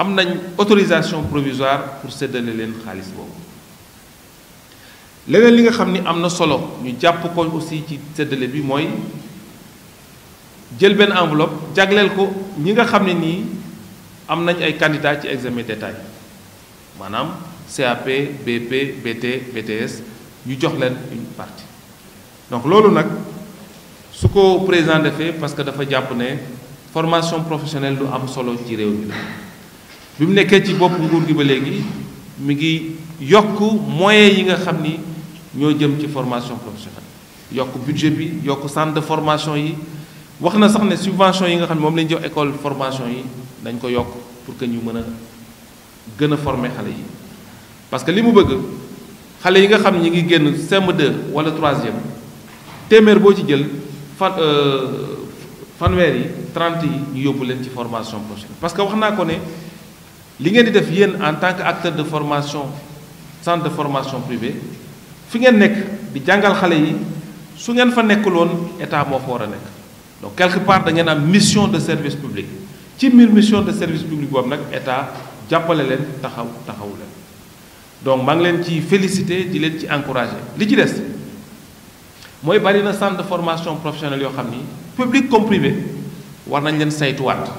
am nañ autorisation provisoire pour séddale leen xaalis boobu leneen li nga xam ni am na solo ñu jàpp ko aussi ci séddale bi mooy jël benn enveloppe jagleel ko ñi nga xam ne nii am nañ ay candidats ci examen d'état maanaam CAP BP BT BTS ñu jox leen une partie donc loolu nak su ko président defee parce que dafa jàpp ne formation professionnelle du am solo ci réew mi bi mu nekkee ci bopp nguur gi ba léegi mi ngi yokk moyens yi nga xam ni ñoo jëm ci formation professionnelle yokk budget bi yokk centre de formation yi wax na sax ne subvention yi nga xam ne moom lañu jox école formation yi dañ ko yokk pour que ñu mën a gën a former xale yi parce que li mu bëgg xale yi nga xam ñi ngi génn CM2 wala troisième téeméer boo ci jël fan euh, fanweer yi trente yi ñu yóbbu leen ci formation professionnelle parce que wax naa ko ne li ngeen di def yéen en tant que acteur de formation centre de formation privé fi ngeen nekk di jàngal xale yi su ngeen fa nekkuloon état moo fa war a nekk donc quelque part da ngeen am mission de service public ci biir mission de service public boobu nag état jàppale leen taxaw taxaw leen donc maa ngi leen ci féliciter di leen ci encourager li ci des mooy bari na centre de formation professionnelle yoo xam ni public comme privé war nañ leen saytuwaat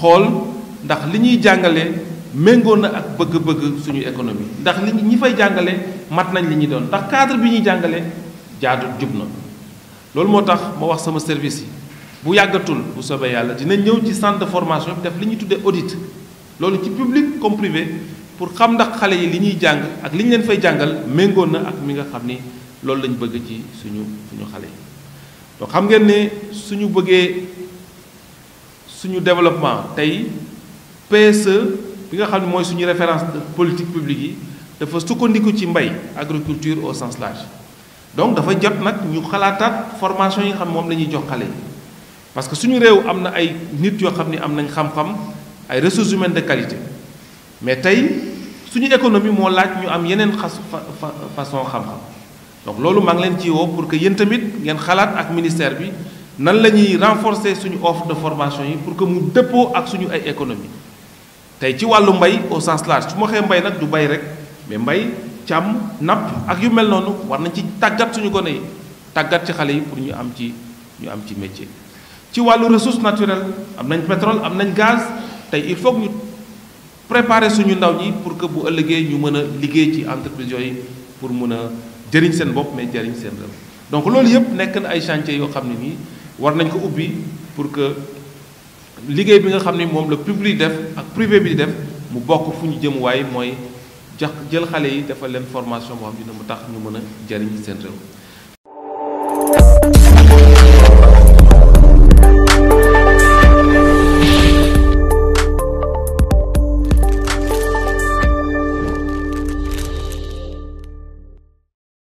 xool. ndax li ñuy jàngale méngoo na ak bëgg-bëgg suñu économie ndax li ñi fay jàngale mat nañ li ñuy doon ndax cadre bi ñuy jàngale jaadu jub na loolu moo tax ma wax sama service yi bu yàggatul bu soobee yàlla dina ñëw ci sant de formation bi def li ñuy tuddee audit loolu ci public comme pour xam ndax xale yi li ñuy jàng ak li ñu leen fay jàngal méngoon na ak mi nga xam ni loolu lañ bëgg ci suñu suñu xale yi donc xam ngeen ne suñu bëggee suñu développement tey PSE bi nga xam suñu référence de politique publique yi dafa sukkandiku ci mbay agriculture au sens large donc il faut que nous xalaataat formation yi formation xam moom la jox parce que suñu réew am na ay nit yoo xam ressources humaines de qualité mais tey suñu économie moo laaj nous am une façon xam-xam donc c'est ce que leen ci pour que yéen tamit ngeen xalaat ak ministère bi nan renforcer suñu offre de formation pour que mu dépôt ak suñu économie tey ci wàllu mbay au sens large su ma xee mbay nag du bay rek mais mbay càmm napp ak yu mel noonu war nañ ci tàggat suñu gone tàggat ci xale yi pour ñu am ci ñu am ci métier. ci wàllu ressource naturel am nañ pétrole am nañ gaz tey il faut ñu préparer suñu ndaw ñi pour que bu ëllëgee ñu mën a liggéey ci entreprise yi pour mën a jëriñ seen bopp mais jëriñ seen réew donc loolu yëpp nekk na ay chantier yoo xam ne nii war nañ ko ubbi pour que. liggéey bi nga xam ne moom la public def ak privé bi def mu bokk fu ñu jëm waaye mooy jax jël xale yi defal leen formation boo xam dina mu tax ñu mën a jariñ seen réew